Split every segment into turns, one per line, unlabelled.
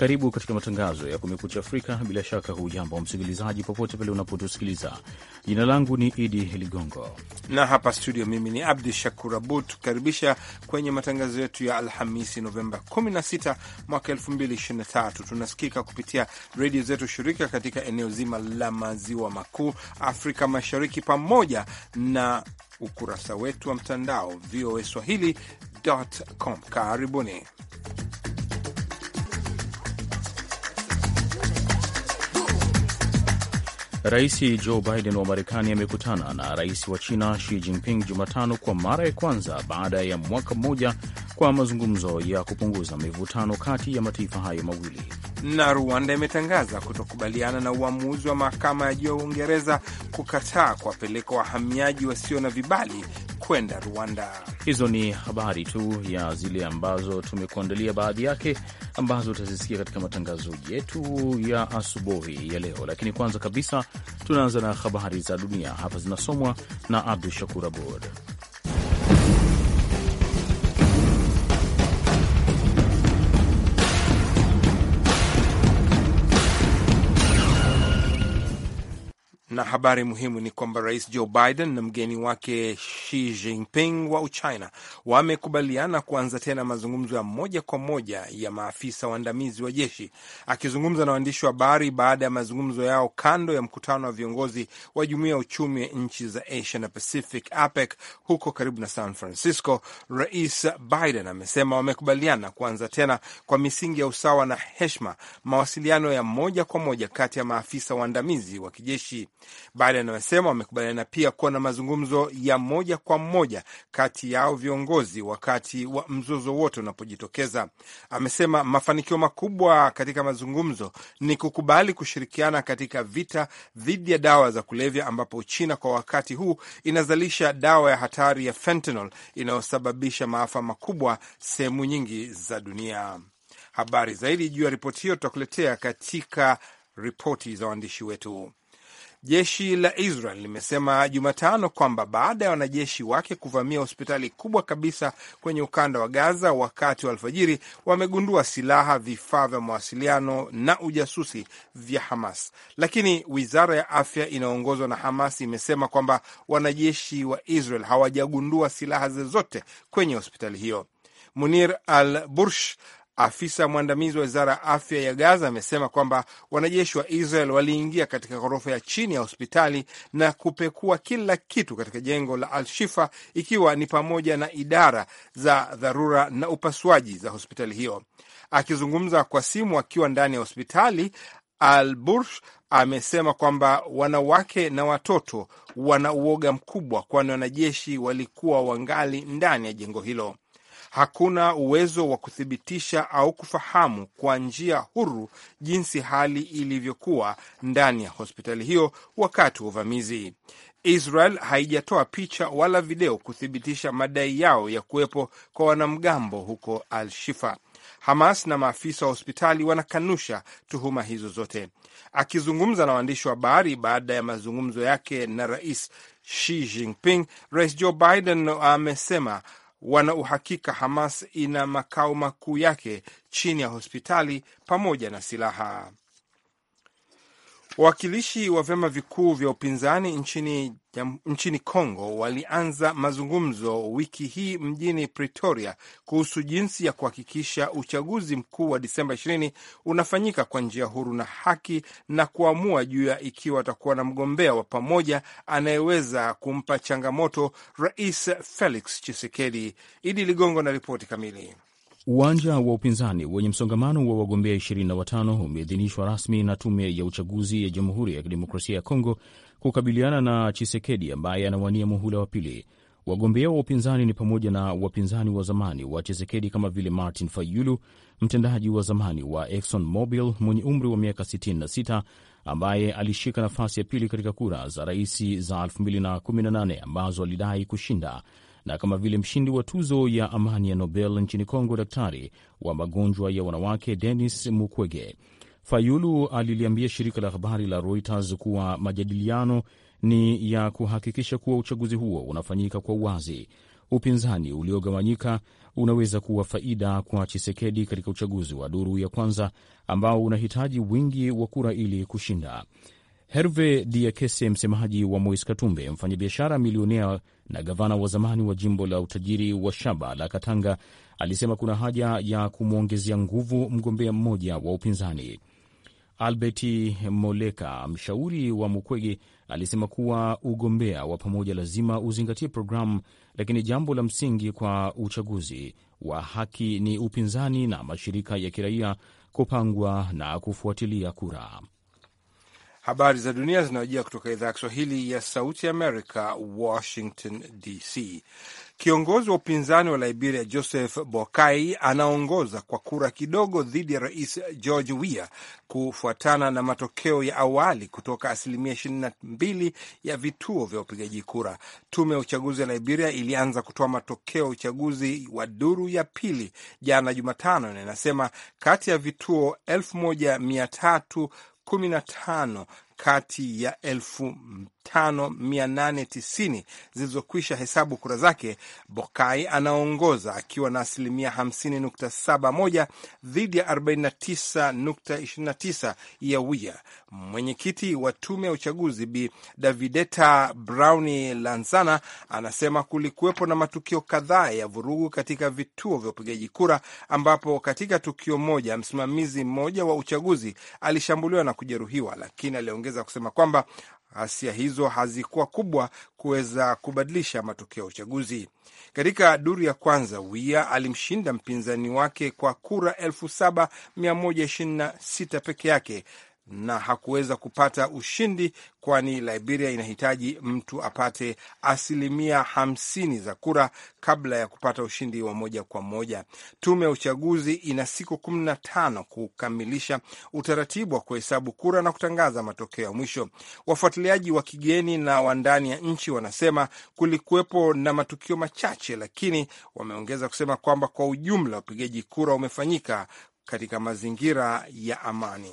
Karibu katika matangazo ya Kumekucha Afrika. Bila shaka hujambo msikilizaji, popote pale unapotusikiliza. Jina langu ni Idi Ligongo
na hapa studio mimi ni Abdu Shakur Abud, tukaribisha kwenye matangazo yetu ya Alhamisi Novemba 16 mwaka 2023. Tunasikika kupitia redio zetu shirika katika eneo zima la maziwa makuu, Afrika Mashariki, pamoja na ukurasa wetu wa mtandao VOA Swahili.com. Karibuni.
Rais Joe Biden wa Marekani amekutana na rais wa China Xi Jinping Jumatano kwa mara ya kwanza baada ya mwaka mmoja kwa mazungumzo ya kupunguza mivutano kati ya mataifa hayo mawili.
Na Rwanda imetangaza kutokubaliana na uamuzi wa mahakama ya juu ya Uingereza kukataa kuwapeleka wahamiaji wasio na vibali kwenda Rwanda.
Hizo ni habari tu ya zile ambazo tumekuandalia baadhi yake ambazo utazisikia katika matangazo yetu ya asubuhi ya leo, lakini kwanza kabisa tunaanza na habari za dunia. Hapa zinasomwa na Abdu Shakur Abud.
Na habari muhimu ni kwamba Rais Joe Biden na mgeni wake Xi Jinping wa Uchina wamekubaliana kuanza tena mazungumzo ya moja kwa moja ya maafisa waandamizi wa jeshi. Akizungumza na waandishi wa habari baada ya mazungumzo yao kando ya mkutano wa viongozi wa Jumuiya ya Uchumi wa Nchi za Asia na Pacific, APEC, huko karibu na San Francisco, Rais Biden amesema wamekubaliana kuanza tena kwa misingi ya usawa na heshima mawasiliano ya moja kwa moja kati ya maafisa waandamizi wa kijeshi Biden amesema wamekubaliana pia kuwa na mazungumzo ya moja kwa moja kati yao viongozi wakati wa mzozo wote unapojitokeza. Amesema mafanikio makubwa katika mazungumzo ni kukubali kushirikiana katika vita dhidi ya dawa za kulevya, ambapo China kwa wakati huu inazalisha dawa ya hatari ya fentanyl inayosababisha maafa makubwa sehemu nyingi za dunia. Habari zaidi juu ya ripoti hiyo tutakuletea katika ripoti za waandishi wetu. Jeshi la Israel limesema Jumatano kwamba baada ya wanajeshi wake kuvamia hospitali kubwa kabisa kwenye ukanda wa Gaza wakati wa alfajiri, wamegundua silaha, vifaa vya mawasiliano na ujasusi vya Hamas. Lakini wizara ya afya inayoongozwa na Hamas imesema kwamba wanajeshi wa Israel hawajagundua silaha zozote kwenye hospitali hiyo. Munir Al Bursh Afisa mwandamizi wa wizara ya afya ya Gaza amesema kwamba wanajeshi wa Israel waliingia katika ghorofa ya chini ya hospitali na kupekua kila kitu katika jengo la Al Shifa, ikiwa ni pamoja na idara za dharura na upasuaji za hospitali hiyo. Akizungumza kwa simu akiwa ndani ya hospitali, Al Bursh amesema kwamba wanawake na watoto wana uoga mkubwa, kwani wanajeshi walikuwa wangali ndani ya jengo hilo hakuna uwezo wa kuthibitisha au kufahamu kwa njia huru jinsi hali ilivyokuwa ndani ya hospitali hiyo wakati wa uvamizi. Israel haijatoa picha wala video kuthibitisha madai yao ya kuwepo kwa wanamgambo huko Al-Shifa. Hamas na maafisa wa hospitali wanakanusha tuhuma hizo zote. Akizungumza na waandishi wa habari baada ya mazungumzo yake na rais Xi Jinping, rais Joe Biden amesema wana uhakika Hamas ina makao makuu yake chini ya hospitali pamoja na silaha. Wawakilishi wa vyama vikuu vya upinzani nchini, nchini Kongo walianza mazungumzo wiki hii mjini Pretoria kuhusu jinsi ya kuhakikisha uchaguzi mkuu wa Disemba 20 unafanyika kwa njia huru na haki na kuamua juu ya ikiwa atakuwa na mgombea wa pamoja anayeweza kumpa changamoto Rais Felix Tshisekedi. Idi Ligongo na ripoti kamili.
Uwanja wa upinzani wenye msongamano wa wagombea 25 umeidhinishwa rasmi na Tume ya Uchaguzi ya Jamhuri ya Kidemokrasia ya Kongo kukabiliana na Chisekedi ambaye anawania muhula wa pili. Wagombea wa upinzani ni pamoja na wapinzani wa zamani wa Chisekedi kama vile Martin Fayulu, mtendaji wa zamani wa Exxon Mobil mwenye umri wa miaka 66 ambaye alishika nafasi ya pili katika kura za rais za 2018 ambazo alidai kushinda na kama vile mshindi wa tuzo ya amani ya Nobel nchini Kongo, daktari wa magonjwa ya wanawake Denis Mukwege. Fayulu aliliambia shirika la habari la Reuters kuwa majadiliano ni ya kuhakikisha kuwa uchaguzi huo unafanyika kwa uwazi. Upinzani uliogawanyika unaweza kuwa faida kwa Chisekedi katika uchaguzi wa duru ya kwanza ambao unahitaji wingi wa kura ili kushinda. Herve Diakese, msemaji wa Mois Katumbe, mfanyabiashara milionea na gavana wa zamani wa jimbo la utajiri wa shaba la Katanga alisema kuna haja ya kumwongezea nguvu mgombea mmoja wa upinzani. Albert Moleka, mshauri wa Mukwege, alisema kuwa ugombea wa pamoja lazima uzingatie programu, lakini jambo la msingi kwa uchaguzi wa haki ni upinzani na mashirika ya kiraia kupangwa na kufuatilia kura.
Habari za dunia zinawajia kutoka idhaa ya Kiswahili ya Sauti Amerika, Washington DC. Kiongozi wa upinzani wa Liberia Joseph bokai anaongoza kwa kura kidogo dhidi ya rais George Weah kufuatana na matokeo ya awali kutoka asilimia 22 ya vituo vya upigaji kura. Tume ya uchaguzi ya Liberia ilianza kutoa matokeo ya uchaguzi wa duru ya pili jana Jumatano, na inasema kati ya vituo 1300 kumi na tano kati ya 5890 zilizokwisha hesabu kura zake, Bokai anaongoza akiwa na asilimia 50.71 dhidi ya 49.29 ya Wia. Mwenyekiti wa tume ya uchaguzi Bi Davideta Browni Lanzana anasema kulikuwepo na matukio kadhaa ya vurugu katika vituo vya upigaji kura, ambapo katika tukio moja msimamizi mmoja wa uchaguzi alishambuliwa na kujeruhiwa, lakini aliongeza ameongeza kusema kwamba ghasia hizo hazikuwa kubwa kuweza kubadilisha matokeo ya uchaguzi. Katika duru ya kwanza, Wia alimshinda mpinzani wake kwa kura 7126 peke yake na hakuweza kupata ushindi, kwani Liberia inahitaji mtu apate asilimia hamsini za kura kabla ya kupata ushindi wa moja kwa moja. Tume ya uchaguzi ina siku kumi na tano kukamilisha utaratibu wa kuhesabu kura na kutangaza matokeo ya mwisho. Wafuatiliaji wa kigeni na wa ndani ya nchi wanasema kulikuwepo na matukio machache, lakini wameongeza kusema kwamba kwa ujumla upigaji kura umefanyika katika mazingira ya amani.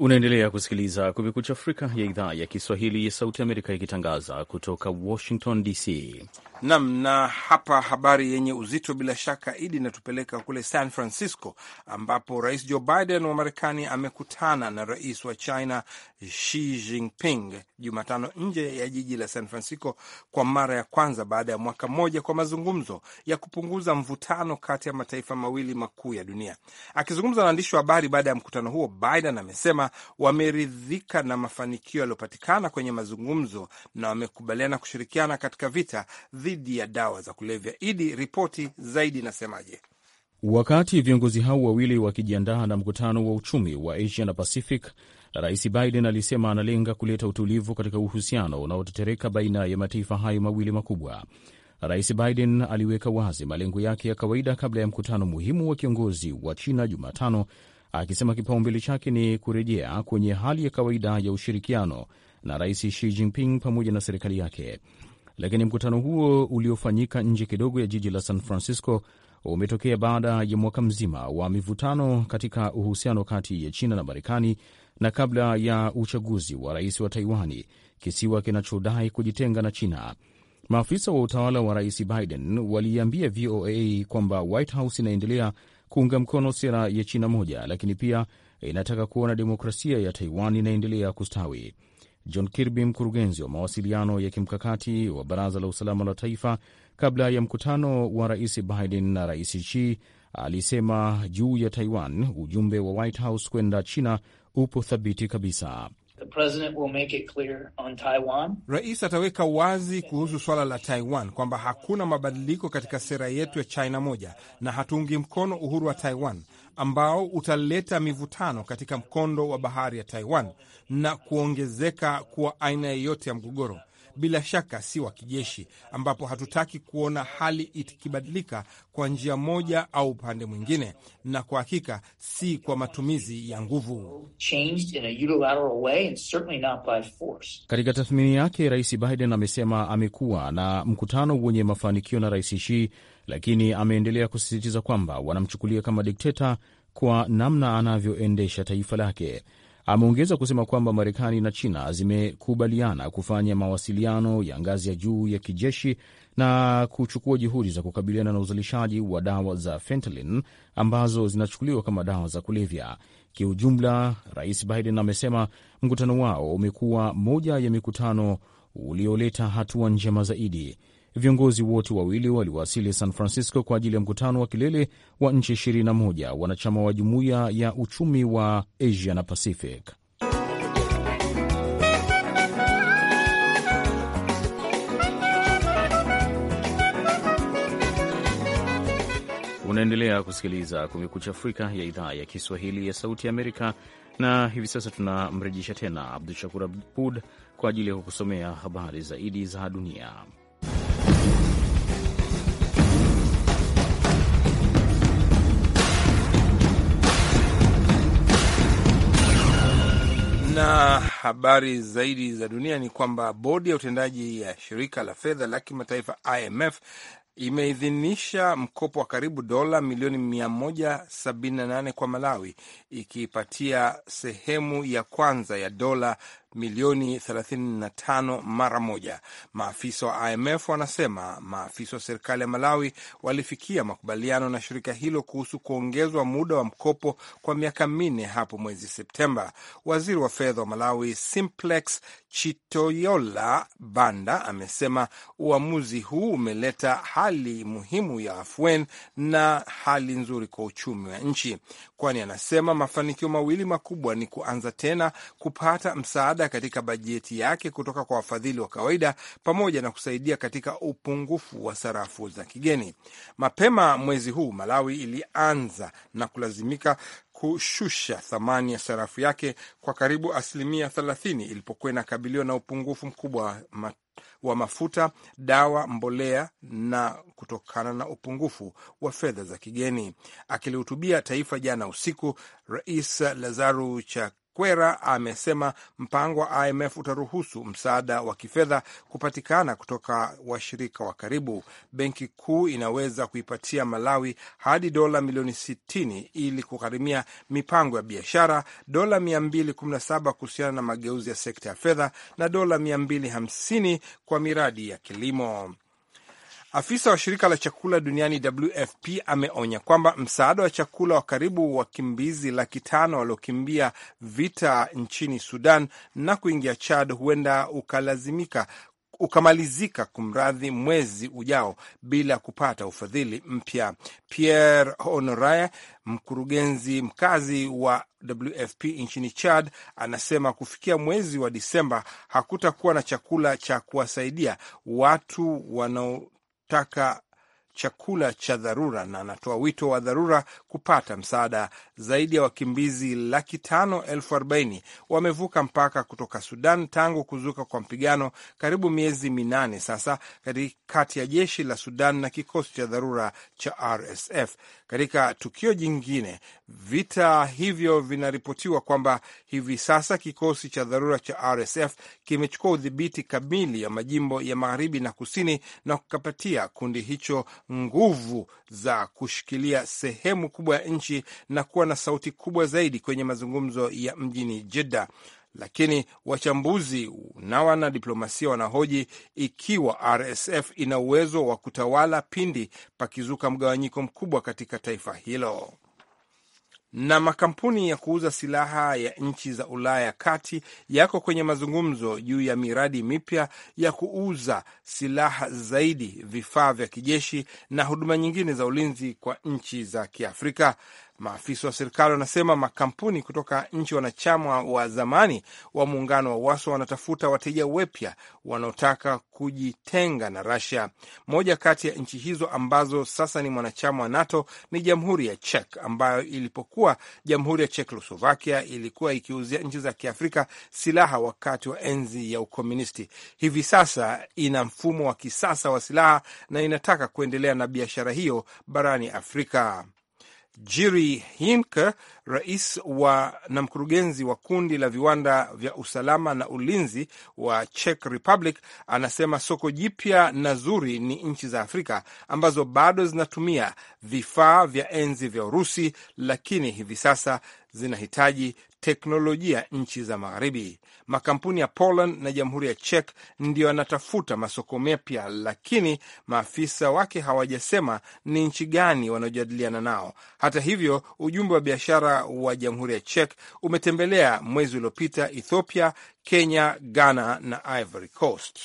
Unaendelea kusikiliza Kumekucha Afrika ya idhaa ya Kiswahili ya Sauti Amerika ikitangaza kutoka Washington DC.
Nam na hapa, habari yenye uzito bila shaka idi inatupeleka kule San Francisco, ambapo Rais Joe Biden wa Marekani amekutana na rais wa China Xi Jinping Jumatano nje ya jiji la San Francisco kwa mara ya kwanza baada ya mwaka mmoja kwa mazungumzo ya kupunguza mvutano kati ya mataifa mawili makuu ya dunia. Akizungumza na waandishi wa habari baada ya mkutano huo, Biden amesema wameridhika na mafanikio yaliyopatikana kwenye mazungumzo na wamekubaliana kushirikiana katika vita dhidi ya dawa za kulevya. Idi, ripoti zaidi inasemaje?
Wakati viongozi hao wawili wakijiandaa na mkutano wa uchumi wa Asia na Pacific, Rais Biden alisema analenga kuleta utulivu katika uhusiano unaotetereka baina ya mataifa hayo mawili makubwa. Rais Biden aliweka wazi malengo yake ya kawaida kabla ya mkutano muhimu wa kiongozi wa China Jumatano akisema kipaumbele chake ni kurejea kwenye hali ya kawaida ya ushirikiano na Rais Xi Jinping pamoja na serikali yake. Lakini mkutano huo uliofanyika nje kidogo ya jiji la San Francisco umetokea baada ya mwaka mzima wa mivutano katika uhusiano kati ya China na Marekani na kabla ya uchaguzi wa rais wa Taiwani, kisiwa kinachodai kujitenga na China. Maafisa wa utawala wa Rais Biden waliambia VOA kwamba White House inaendelea kuunga mkono sera ya China moja, lakini pia inataka kuona demokrasia ya Taiwan inaendelea kustawi. John Kirby, mkurugenzi wa mawasiliano ya kimkakati wa Baraza la Usalama la Taifa, kabla ya mkutano wa Rais Biden na Rais Xi alisema juu ya Taiwan, ujumbe wa White House kwenda China upo thabiti kabisa.
Rais ataweka wazi kuhusu suala la Taiwan kwamba hakuna mabadiliko katika sera yetu ya China moja na hatuungi mkono uhuru wa Taiwan ambao utaleta mivutano katika mkondo wa bahari ya Taiwan na kuongezeka kuwa aina yeyote ya mgogoro bila shaka si wa kijeshi, ambapo hatutaki kuona hali ikibadilika kwa njia moja au upande mwingine, na kwa hakika si kwa matumizi ya
nguvu.
Katika tathmini yake, Rais Biden amesema amekuwa na mkutano wenye mafanikio na Rais Xi, lakini ameendelea kusisitiza kwamba wanamchukulia kama dikteta kwa namna anavyoendesha taifa lake. Ameongeza kusema kwamba Marekani na China zimekubaliana kufanya mawasiliano ya ngazi ya juu ya kijeshi na kuchukua juhudi za kukabiliana na uzalishaji wa dawa za fentanyl ambazo zinachukuliwa kama dawa za kulevya. Kiujumla, Rais Biden amesema mkutano wao umekuwa moja ya mikutano ulioleta hatua njema zaidi Viongozi wote wawili waliwasili San Francisco kwa ajili ya mkutano wa kilele wa nchi 21 wanachama wa Jumuiya ya Uchumi wa Asia na Pacific. Unaendelea kusikiliza Kumekucha Afrika ya idhaa ya Kiswahili ya Sauti Amerika, na hivi sasa tunamrejesha tena Abdu Shakur Abud kwa ajili ya kukusomea habari zaidi za dunia.
habari zaidi za dunia ni kwamba bodi ya utendaji ya shirika la fedha la kimataifa IMF imeidhinisha mkopo wa karibu dola milioni 178 kwa Malawi, ikiipatia sehemu ya kwanza ya dola milioni 35 mara moja. Maafisa wa IMF wanasema maafisa wa serikali ya Malawi walifikia makubaliano na shirika hilo kuhusu kuongezwa muda wa mkopo kwa miaka minne hapo mwezi Septemba. Waziri wa fedha wa Malawi Simplex Chitoyola Banda amesema uamuzi huu umeleta hali muhimu ya afueni na hali nzuri kwa uchumi wa nchi kwani anasema mafanikio mawili makubwa ni kuanza tena kupata msaada katika bajeti yake kutoka kwa wafadhili wa kawaida pamoja na kusaidia katika upungufu wa sarafu za kigeni. Mapema mwezi huu Malawi ilianza na kulazimika kushusha thamani ya sarafu yake kwa karibu asilimia thelathini ilipokuwa inakabiliwa na upungufu mkubwa wa mafuta, dawa, mbolea na kutokana na upungufu wa fedha za kigeni. Akilihutubia taifa jana usiku, Rais Lazarus Kwera amesema mpango wa IMF utaruhusu msaada wa kifedha kupatikana kutoka washirika wa karibu. Benki Kuu inaweza kuipatia Malawi hadi dola milioni 60 ili kugharimia mipango ya biashara, dola 217 kuhusiana na mageuzi ya sekta ya fedha na dola 250 kwa miradi ya kilimo. Afisa wa shirika la chakula duniani WFP ameonya kwamba msaada wa chakula wa karibu wakimbizi laki tano waliokimbia vita nchini Sudan na kuingia Chad huenda ukalazimika ukamalizika kumradhi, mwezi ujao bila kupata ufadhili mpya. Pierre Honore, mkurugenzi mkazi wa WFP nchini Chad, anasema kufikia mwezi wa Disemba hakutakuwa na chakula cha kuwasaidia watu wanao taka chakula cha dharura na anatoa wito wa dharura kupata msaada. Zaidi ya wakimbizi laki tano elfu arobaini wamevuka mpaka kutoka Sudan tangu kuzuka kwa mpigano karibu miezi minane sasa kati ya jeshi la Sudan na kikosi cha dharura cha RSF. Katika tukio jingine, vita hivyo vinaripotiwa kwamba hivi sasa kikosi cha dharura cha RSF kimechukua udhibiti kamili ya majimbo ya magharibi na kusini na kukapatia kundi hicho nguvu za kushikilia sehemu kubwa ya nchi na kuwa na sauti kubwa zaidi kwenye mazungumzo ya mjini Jeddah. Lakini wachambuzi na wanadiplomasia wanahoji ikiwa RSF ina uwezo wa kutawala pindi pakizuka mgawanyiko mkubwa katika taifa hilo na makampuni ya kuuza silaha ya nchi za Ulaya ya kati yako kwenye mazungumzo juu ya miradi mipya ya kuuza silaha zaidi, vifaa vya kijeshi na huduma nyingine za ulinzi kwa nchi za Kiafrika. Maafisa wa serikali wanasema makampuni kutoka nchi wanachama wa zamani wa muungano wa Waso wanatafuta wateja wapya wanaotaka kujitenga na rasia Moja kati ya nchi hizo ambazo sasa ni mwanachama wa NATO ni jamhuri ya Czech, ambayo ilipokuwa jamhuri ya Chekoslovakia ilikuwa ikiuzia nchi za Kiafrika silaha wakati wa enzi ya ukomunisti. Hivi sasa ina mfumo wa kisasa wa silaha na inataka kuendelea na biashara hiyo barani Afrika. Jiri Hinke, rais wa na mkurugenzi wa kundi la viwanda vya usalama na ulinzi wa Czech Republic, anasema soko jipya na zuri ni nchi za Afrika ambazo bado zinatumia vifaa vya enzi vya Urusi, lakini hivi sasa zinahitaji teknolojia nchi za magharibi. Makampuni ya Poland na Jamhuri ya Czech ndio yanatafuta masoko mapya, lakini maafisa wake hawajasema ni nchi gani wanaojadiliana nao. Hata hivyo, ujumbe wa biashara wa Jamhuri ya Czech umetembelea mwezi uliopita Ethiopia, Kenya, Ghana na Ivory Coast.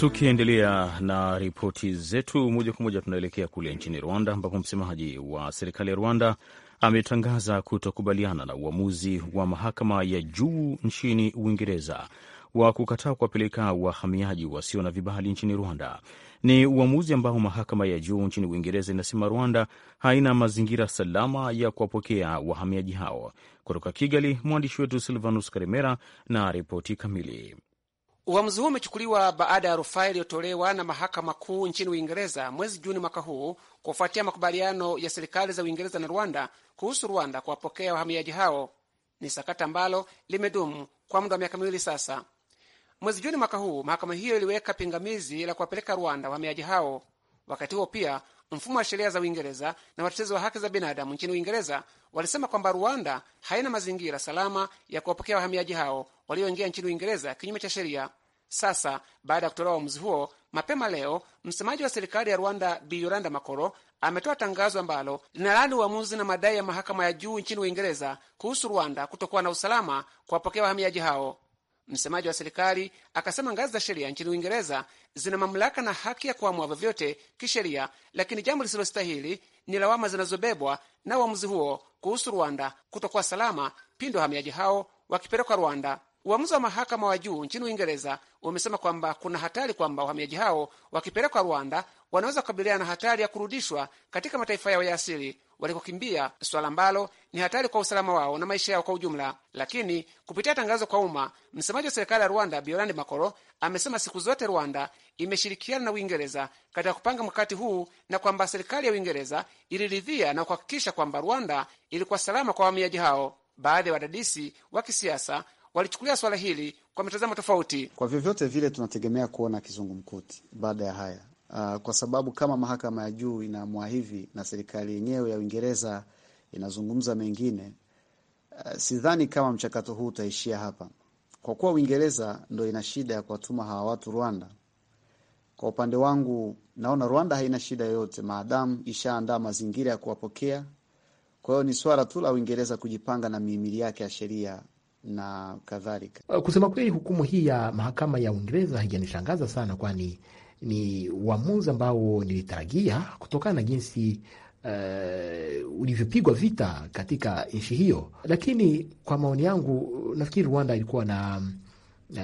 Tukiendelea na ripoti zetu moja kwa moja, tunaelekea kule nchini Rwanda ambapo msemaji wa serikali ya Rwanda ametangaza kutokubaliana na uamuzi wa mahakama ya juu nchini Uingereza wa kukataa kuwapeleka wahamiaji wasio na vibali nchini Rwanda. Ni uamuzi ambao mahakama ya juu nchini Uingereza inasema Rwanda haina mazingira salama ya kuwapokea wahamiaji hao. Kutoka Kigali, mwandishi wetu Silvanus Karimera na ripoti kamili.
Uamuzi huu umechukuliwa baada ya rufaa iliyotolewa na mahakama kuu nchini Uingereza mwezi Juni mwaka huu kufuatia makubaliano ya serikali za Uingereza na Rwanda kuhusu Rwanda kuwapokea wahamiaji hao. Ni sakata ambalo limedumu kwa muda wa miaka miwili sasa. Mwezi Juni mwaka huu mahakama hiyo iliweka pingamizi la kuwapeleka Rwanda wahamiaji hao. Wakati huo pia, mfumo wa sheria za Uingereza na watetezi wa haki za binadamu nchini Uingereza walisema kwamba Rwanda haina mazingira salama ya kuwapokea wahamiaji hao walioingia nchini Uingereza kinyume cha sheria. Sasa baada ya kutolewa uamuzi huo mapema leo, msemaji wa serikali ya Rwanda Bi Yolanda Makoro ametoa tangazo ambalo linalaani uamuzi na madai ya mahakama ya juu nchini Uingereza kuhusu Rwanda kutokuwa na usalama kuwapokea wahamiaji hao. Msemaji wa serikali akasema ngazi za sheria nchini Uingereza zina mamlaka na haki ya kuamua vyovyote kisheria, lakini jambo lisilostahili ni lawama zinazobebwa na uamuzi huo kuhusu Rwanda kutokuwa salama pindi wahamiaji hao wakipelekwa Rwanda. Uamuzi wa mahakama wa juu nchini Uingereza umesema kwamba kuna hatari kwamba wahamiaji hao wakipelekwa Rwanda wanaweza kukabiliana na hatari ya kurudishwa katika mataifa yao ya asili walikokimbia, swala ambalo ni hatari kwa usalama wao na maisha yao kwa ujumla. Lakini kupitia tangazo kwa umma, msemaji wa serikali ya Rwanda Biolande Makoro amesema siku zote Rwanda imeshirikiana na Uingereza katika kupanga mkakati huu na kwamba serikali ya Uingereza iliridhia na kuhakikisha kwamba Rwanda ilikuwa salama kwa wahamiaji hao. Baadhi ya wadadisi wa kisiasa walichukulia swala hili kwa mitazamo tofauti. Kwa vyovyote vile, tunategemea kuona kizungumkuti baada ya haya uh, kwa sababu kama mahakama ya juu inaamua hivi na serikali yenyewe ya Uingereza inazungumza mengine, uh, sidhani kama mchakato huu utaishia hapa, kwa kuwa Uingereza ndo ina shida ya kuwatuma hawa watu Rwanda. Kwa upande wangu naona Rwanda haina shida yoyote, maadamu ishaandaa mazingira ya kuwapokea. Kwa hiyo ni swala tu la Uingereza kujipanga na mihimili yake ya sheria na kadhalika. Uh, kusema
kweli, hukumu
hii ya mahakama ya Uingereza haijanishangaza sana, kwani ni uamuzi ambao nilitarajia kutokana na jinsi uh, ulivyopigwa vita
katika nchi hiyo. Lakini kwa maoni yangu, nafikiri Rwanda ilikuwa na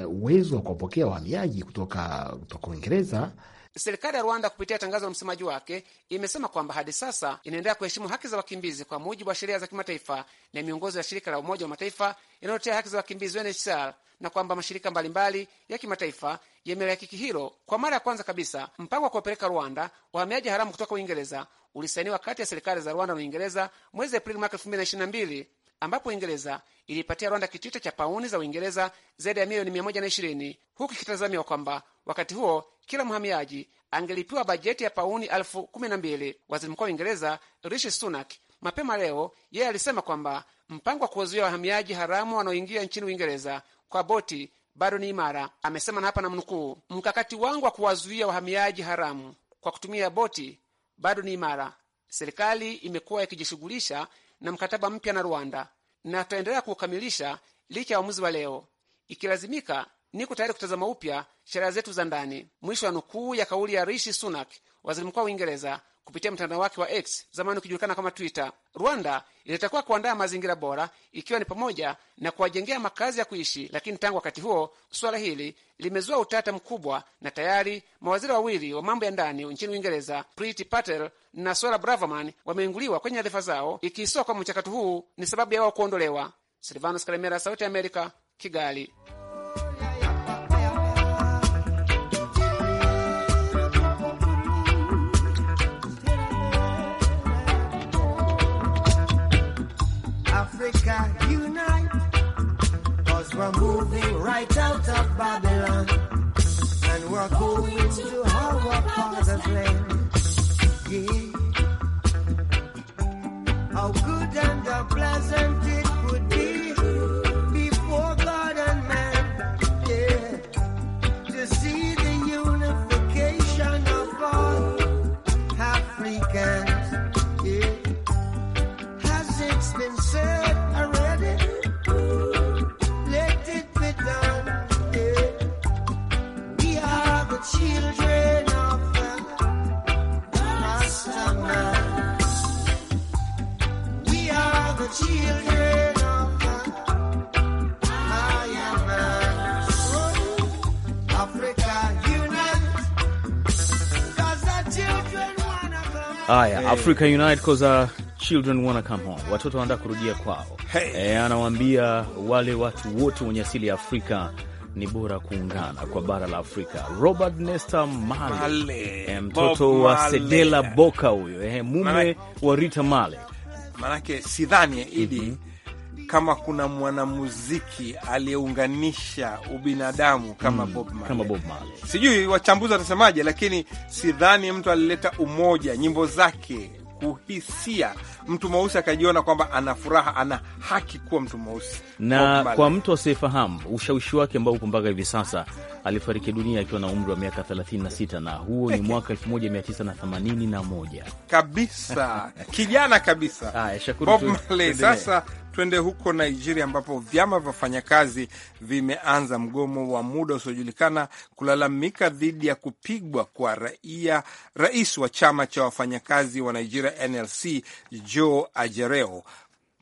uh, uwezo uh, wa kuwapokea wahamiaji kutoka kutoka Uingereza Serikali ya Rwanda kupitia tangazo la msemaji wake imesema kwamba hadi sasa inaendelea kuheshimu haki za wakimbizi kwa mujibu wa sheria za kimataifa na miongozo ya shirika la Umoja wa Mataifa inayotetea haki za wakimbizi UNHCR na kwamba mashirika mbalimbali mbali ya kimataifa yamelihakiki hilo. Kwa mara ya kwanza kabisa, mpango wa kuwapeleka Rwanda wahamiaji haramu kutoka Uingereza ulisainiwa kati ya serikali za Rwanda na Uingereza mwezi Aprili mwaka 2022 ambapo Uingereza iliipatia Rwanda kitita cha pauni za Uingereza zaidi ya milioni 120 huku ikitazamiwa kwamba wakati huo kila mhamiaji angelipiwa bajeti ya pauni elfu kumi na mbili. Waziri Mkuu wa Uingereza Rishi Sunak mapema leo yeye alisema kwamba mpango wa kuwazuia wahamiaji haramu wanaoingia nchini Uingereza kwa boti bado ni imara. Amesema na hapa na mnukuu, mkakati wangu wa kuwazuia wahamiaji haramu kwa kutumia boti bado ni imara. Serikali imekuwa ikijishughulisha na mkataba mpya na Rwanda na tutaendelea kuukamilisha licha ya uamuzi wa leo. Ikilazimika, niko tayari kutazama upya sheria zetu za ndani. Mwisho wa nukuu ya kauli ya Rishi Sunak, waziri mkuu wa Uingereza kupitia mtandao wake wa X, zamani ukijulikana kama Twitter. Rwanda ilitakiwa kuandaa mazingira bora, ikiwa ni pamoja na kuwajengea makazi ya kuishi, lakini tangu wakati huo suala hili limezua utata mkubwa, na tayari mawaziri wawili wa mambo ya ndani nchini Uingereza, Priti Patel na Sora Braverman, wameinguliwa kwenye nyadhifa zao, ikiisoa kwa mchakato huu ni sababu ya wao kuondolewa. Silvanus Kalemera, Sauti ya Amerika, Kigali.
We're moving right out of Babylon. And we're going, going to our father's land. Yeah. How good and how pleasant it would be.
Haya, hey. Africa Unite cause our uh, children wanna come home, watoto wanaenda kurudia kwao. Hey. E, anawaambia wale watu wote wenye asili ya Afrika ni bora kuungana kwa bara la Afrika. Robert Nesta Male, E, mtoto Bob wa Sedela Boka huyo, e, mume wa Rita Male, Manake sidhani
idi mm -hmm kama kuna mwanamuziki aliyeunganisha ubinadamu kama, mm, Bob Marley. Kama Bob Marley, sijui wachambuzi watasemaje, lakini sidhani mtu alileta umoja nyimbo zake kuhisia mtu mweusi akajiona kwamba ana furaha, ana haki kuwa mtu mweusi. Na kwa
mtu asiyefahamu ushawishi wake ambao upo mpaka hivi sasa, alifariki dunia akiwa na umri wa miaka 36 na huo ni mwaka 1981
kabisa, kijana kabisa. Haya, Bob Marley sasa tuende huko Nigeria, ambapo vyama vya wafanyakazi vimeanza mgomo wa muda usiojulikana kulalamika dhidi ya kupigwa kwa raia, rais wa chama cha wafanyakazi wa Nigeria NLC Joe Ajereo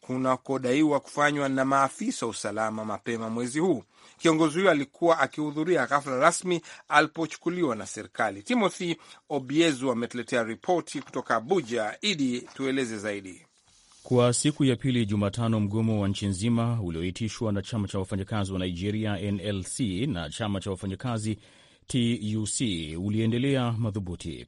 kunakodaiwa kufanywa na maafisa wa usalama mapema mwezi huu. Kiongozi huyo alikuwa akihudhuria ghafla rasmi alipochukuliwa na serikali. Timothy Obiezu ametuletea ripoti kutoka Abuja. Idi, tueleze zaidi.
Kwa siku ya pili Jumatano, mgomo wa nchi nzima ulioitishwa na chama cha wafanyakazi wa Nigeria NLC na chama cha wafanyakazi TUC uliendelea madhubuti.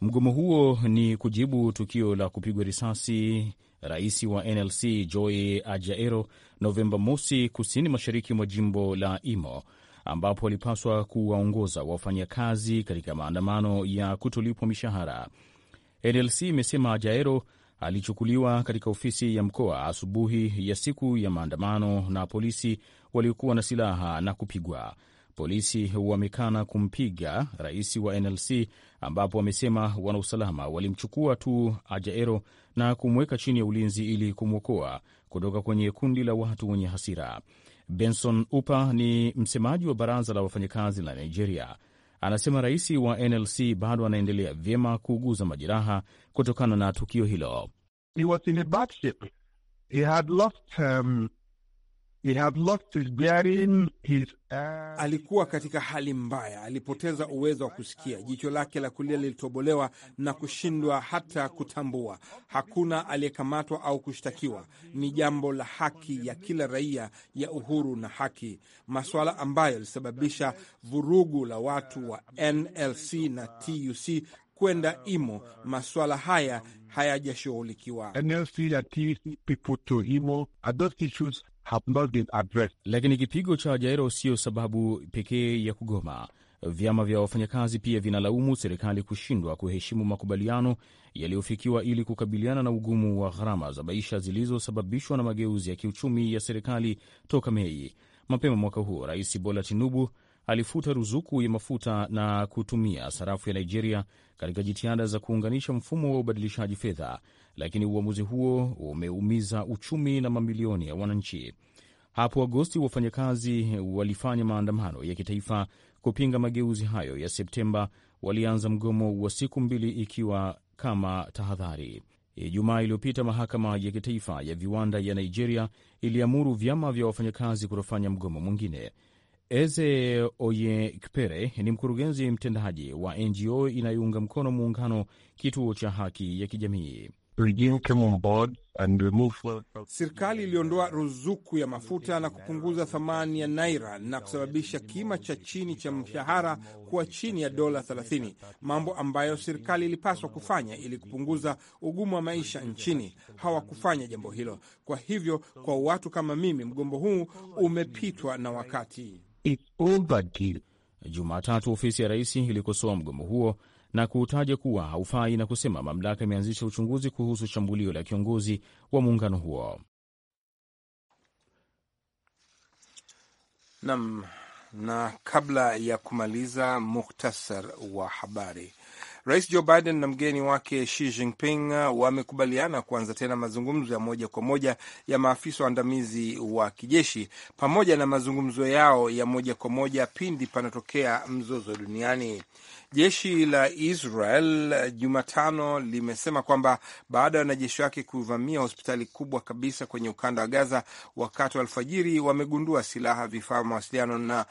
Mgomo huo ni kujibu tukio la kupigwa risasi rais wa NLC Joy Ajaero Novemba mosi, kusini mashariki mwa jimbo la Imo, ambapo alipaswa kuwaongoza wafanyakazi katika maandamano ya kutolipwa mishahara. NLC imesema Ajaero alichukuliwa katika ofisi ya mkoa asubuhi ya siku ya maandamano na polisi waliokuwa na silaha na kupigwa. Polisi wamekana kumpiga rais wa NLC, ambapo wamesema wanausalama walimchukua tu Ajaero na kumweka chini ya ulinzi ili kumwokoa kutoka kwenye kundi la watu wenye hasira. Benson Upa ni msemaji wa baraza la wafanyakazi la Nigeria. Anasema rais wa NLC bado anaendelea vyema kuuguza majeraha kutokana na tukio hilo. He was in a bad shape. He had lost, um,
Alikuwa katika hali mbaya, alipoteza uwezo wa kusikia, jicho lake la kulia lilitobolewa na kushindwa hata kutambua. Hakuna aliyekamatwa au kushtakiwa. Ni jambo la haki ya kila raia ya uhuru na haki, masuala ambayo yalisababisha vurugu la watu wa NLC na TUC kwenda IMO. Masuala haya hayajashughulikiwa.
Lakini kipigo cha Jairo siyo sababu pekee ya kugoma. Vyama vya wafanyakazi pia vinalaumu serikali kushindwa kuheshimu makubaliano yaliyofikiwa ili kukabiliana na ugumu wa gharama za maisha zilizosababishwa na mageuzi ya kiuchumi ya serikali toka Mei. Mapema mwaka huu, Rais Bola Tinubu alifuta ruzuku ya mafuta na kutumia sarafu ya Nigeria katika jitihada za kuunganisha mfumo wa ubadilishaji fedha lakini uamuzi huo umeumiza uchumi na mamilioni ya wananchi. Hapo Agosti, wafanyakazi walifanya maandamano ya kitaifa kupinga mageuzi hayo ya Septemba. Walianza mgomo wa siku mbili ikiwa kama tahadhari. Ijumaa iliyopita mahakama ya kitaifa ya viwanda ya Nigeria iliamuru vyama vya wafanyakazi kutofanya mgomo mwingine. Eze Oyekpere ni mkurugenzi mtendaji wa NGO inayounga mkono muungano Kituo cha Haki ya Kijamii.
Serikali iliondoa ruzuku ya mafuta na kupunguza thamani ya naira na kusababisha kima cha chini cha mshahara kuwa chini ya dola 30, mambo ambayo serikali ilipaswa kufanya ili kupunguza ugumu wa maisha nchini. Hawakufanya jambo hilo. Kwa hivyo, kwa watu kama mimi, mgombo huu umepitwa na wakati.
Jumatatu, ofisi ya rais ilikosoa mgomo huo na kuutaja kuwa haufai na kusema mamlaka imeanzisha uchunguzi kuhusu shambulio la kiongozi wa muungano huo.
Nam, na kabla ya kumaliza, muhtasar wa habari. Rais Joe Biden na mgeni wake Xi Jinping wamekubaliana kuanza tena mazungumzo ya moja kwa moja ya maafisa waandamizi wa kijeshi pamoja na mazungumzo yao ya moja kwa moja pindi panatokea mzozo duniani. Jeshi la Israel eh, Jumatano limesema kwamba baada ya wanajeshi wake kuvamia hospitali kubwa kabisa kwenye ukanda wa Gaza wakati wa alfajiri, wamegundua silaha, vifaa vya mawasiliano na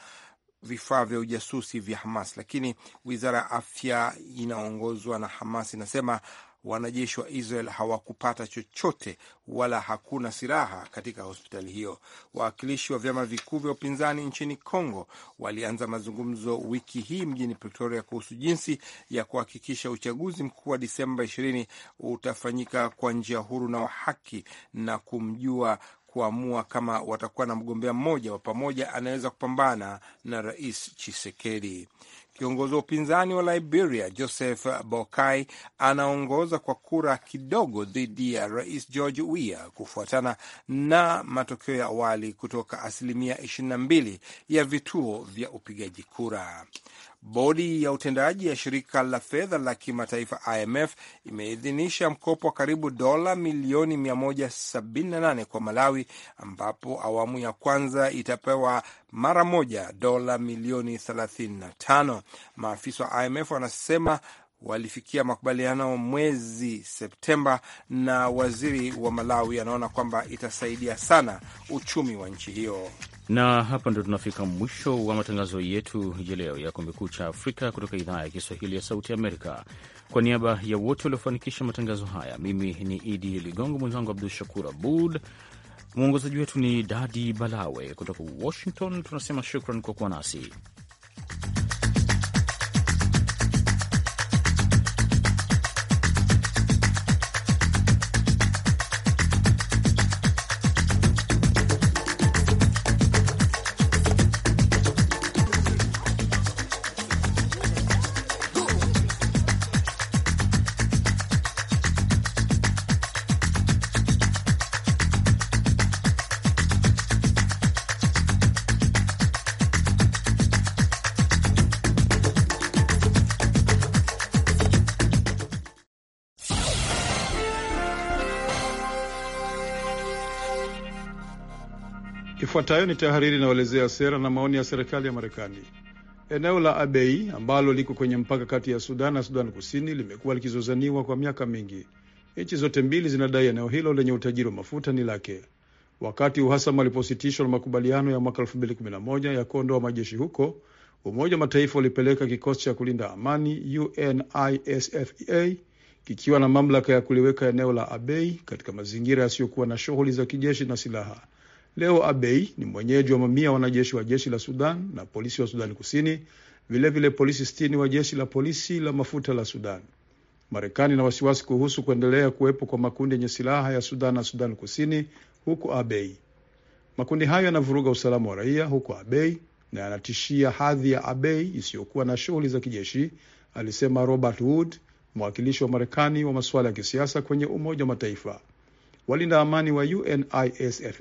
vifaa vya ujasusi vya Hamas, lakini wizara ya afya inaongozwa na Hamas inasema wanajeshi wa Israel hawakupata chochote wala hakuna silaha katika hospitali hiyo. Wawakilishi wa vyama vikuu vya upinzani nchini Kongo walianza mazungumzo wiki hii mjini Pretoria kuhusu jinsi ya kuhakikisha uchaguzi mkuu wa Disemba 20 utafanyika kwa njia huru na wa haki na kumjua kuamua kama watakuwa na mgombea mmoja wa pamoja anaweza kupambana na Rais Chisekedi. Kiongozi wa upinzani wa Liberia Joseph Bokai anaongoza kwa kura kidogo dhidi ya rais George Weah kufuatana na matokeo ya awali kutoka asilimia 22 ya vituo vya upigaji kura. Bodi ya utendaji ya shirika la fedha la kimataifa IMF imeidhinisha mkopo wa karibu dola milioni 178 kwa Malawi, ambapo awamu ya kwanza itapewa mara moja dola milioni 35. Maafisa wa IMF wanasema walifikia makubaliano mwezi Septemba, na waziri wa Malawi anaona kwamba itasaidia sana uchumi wa nchi hiyo.
Na hapa ndo tunafika mwisho wa matangazo yetu ya leo ya Kumekucha Afrika kutoka idhaa ya Kiswahili ya Sauti Amerika. Kwa niaba ya wote waliofanikisha matangazo haya, mimi ni Idi Ligongo, mwenzangu Abdul Shakur Abud, mwongozaji wetu ni Dadi Balawe kutoka Washington. Tunasema shukran kwa kuwa nasi.
Ifuatayo ni tahariri inayoelezea sera na maoni ya serikali ya Marekani. Eneo la Abei ambalo liko kwenye mpaka kati ya Sudan na Sudan Kusini limekuwa likizozaniwa kwa miaka mingi. Nchi zote mbili zinadai eneo hilo lenye utajiri wa mafuta ni lake. Wakati uhasama ulipositishwa na makubaliano ya mwaka 2011 ya kuondoa majeshi huko, Umoja wa Mataifa ulipeleka kikosi cha kulinda amani UNISFA e kikiwa na mamlaka ya kuliweka eneo la Abei katika mazingira yasiyokuwa na shughuli za kijeshi na silaha. Leo Abei ni mwenyeji wa mamia wanajeshi wa jeshi la Sudan na polisi wa Sudani Kusini, vilevile vile polisi sitini wa jeshi la polisi la mafuta la Sudan. Marekani ina wasiwasi kuhusu kuendelea kuwepo kwa makundi yenye silaha ya Sudan na sudan Kusini huko Abei. Makundi hayo yanavuruga usalama wa raia huko Abei na yanatishia hadhi ya Abei isiyokuwa na shughuli za kijeshi, alisema Robert Wood, mwakilishi wa Marekani wa masuala ya kisiasa kwenye Umoja wa Mataifa. Walinda amani wa UNISFA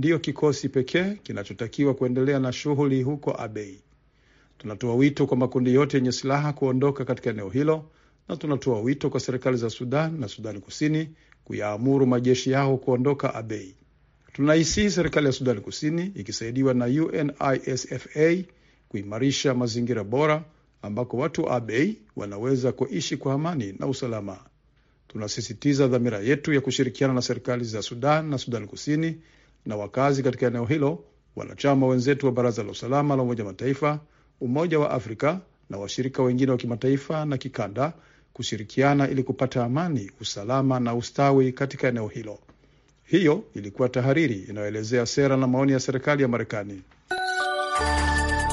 ndiyo kikosi pekee kinachotakiwa kuendelea na shughuli huko Abei. Tunatoa wito kwa makundi yote yenye silaha kuondoka katika eneo hilo, na tunatoa wito kwa serikali za Sudan na Sudani Kusini kuyaamuru majeshi yao kuondoka Abei. Tunaisihi serikali ya Sudani Kusini ikisaidiwa na UNISFA kuimarisha mazingira bora ambako watu wa Abei wanaweza kuishi kwa amani na usalama. Tunasisitiza dhamira yetu ya kushirikiana na serikali za Sudan na Sudani Kusini na wakazi katika eneo hilo, wanachama wenzetu wa Baraza la Usalama la Umoja Mataifa, Umoja wa Afrika na washirika wengine wa kimataifa na kikanda kushirikiana ili kupata amani, usalama na ustawi katika eneo hilo. Hiyo ilikuwa tahariri inayoelezea sera na maoni ya serikali ya Marekani.